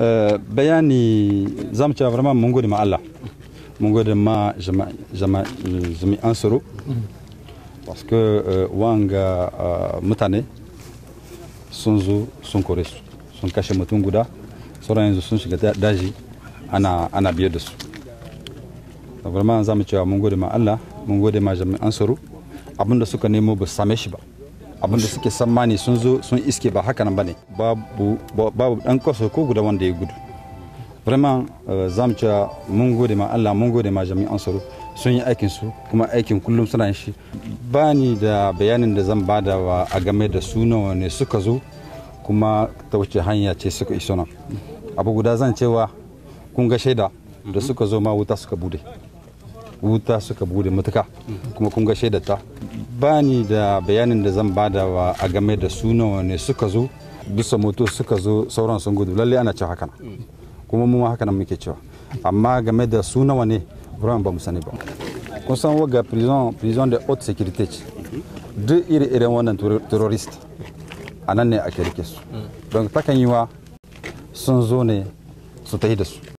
Eh, bayani za mu cewa vraiment mun gode ma Allah mun gode ma jami'an tsaro parce que eh, wanga eh, mutane sun zo sun kore su sun kashe mutum guda sauran yanzu sun shiga daji ana ana biye da su vraiment za mu cewa mun gode ma Allah mun gode ma jami'an tsaro abinda suka nemo ba same shi ba abin da suke sammani sun zo sun iske ba haka nan ba ne babu dan kwaso ko guda wanda ya gudu vraiment euh, za mu cewa mun gode ma allah mun gode ma jami'an tsaro sun yi aikin su kuma aikin kullum suna shi ba ni da bayanin da zan bada wa a game da suna nawa ne suka zo kuma ta wuce hanya ce suka iso nan abu guda zan cewa kun ga shaida da mhm. suka zo ma wuta suka bude wuta suka bude matuka mhm. kuma kun ga shaida ta bani da bayanin da zan bada wa a game da su wane suka zo bisa moto suka zo sauran sun gudu lalle ana cewa haka kuma mu haka nan muke cewa amma game da su wane ne ruwan ba mu sani ba kun san waga prison prison da haute sécurité ce duk iri-irin wannan terrorist a ne ake rike su mm. don takan yi sun zo ne su yi da su